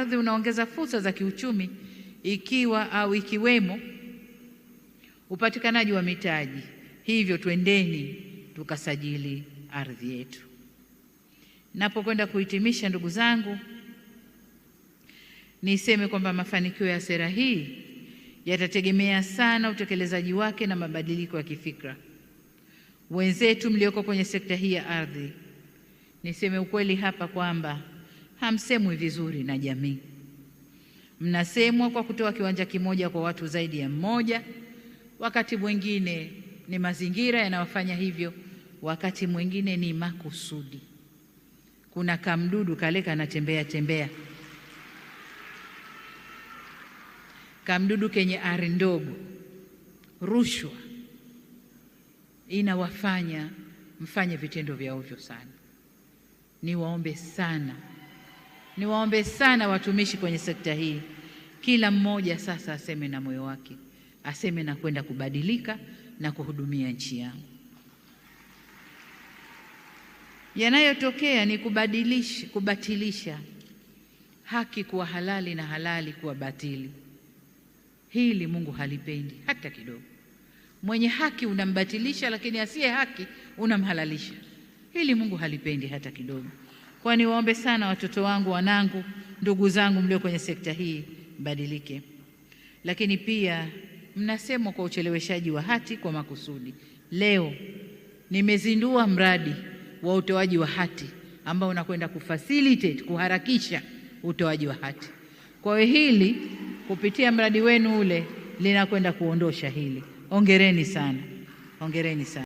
ardhi unaongeza fursa za kiuchumi ikiwa au ikiwemo upatikanaji wa mitaji. Hivyo twendeni tukasajili ardhi yetu. Napokwenda kuhitimisha, ndugu zangu, niseme kwamba mafanikio ya sera hii yatategemea sana utekelezaji wake na mabadiliko ya kifikra. Wenzetu mlioko kwenye sekta hii ya ardhi, niseme ukweli hapa kwamba hamsemwi vizuri na jamii, mnasemwa kwa kutoa kiwanja kimoja kwa watu zaidi ya mmoja. Wakati mwingine ni mazingira yanawafanya hivyo, wakati mwingine ni makusudi. Kuna kamdudu kale kanatembea tembea, kamdudu kenye ari ndogo, rushwa inawafanya mfanye vitendo vya ovyo sana. Niwaombe sana Niwaombe sana watumishi kwenye sekta hii, kila mmoja sasa aseme na moyo wake, aseme na kwenda kubadilika na kuhudumia nchi yangu. Yanayotokea ni kubadilisha, kubatilisha haki kuwa halali na halali kuwa batili. Hili Mungu halipendi hata kidogo. Mwenye haki unambatilisha, lakini asiye haki unamhalalisha. Hili Mungu halipendi hata kidogo. Kwa niwaombe sana watoto wangu, wanangu, ndugu zangu mlio kwenye sekta hii, badilike. Lakini pia mnasemwa kwa ucheleweshaji wa hati kwa makusudi. Leo nimezindua mradi wa utoaji wa hati ambao unakwenda kufacilitate kuharakisha utoaji wa hati. Kwa hiyo hili kupitia mradi wenu ule linakwenda kuondosha hili. ongereni sana, ongereni sana.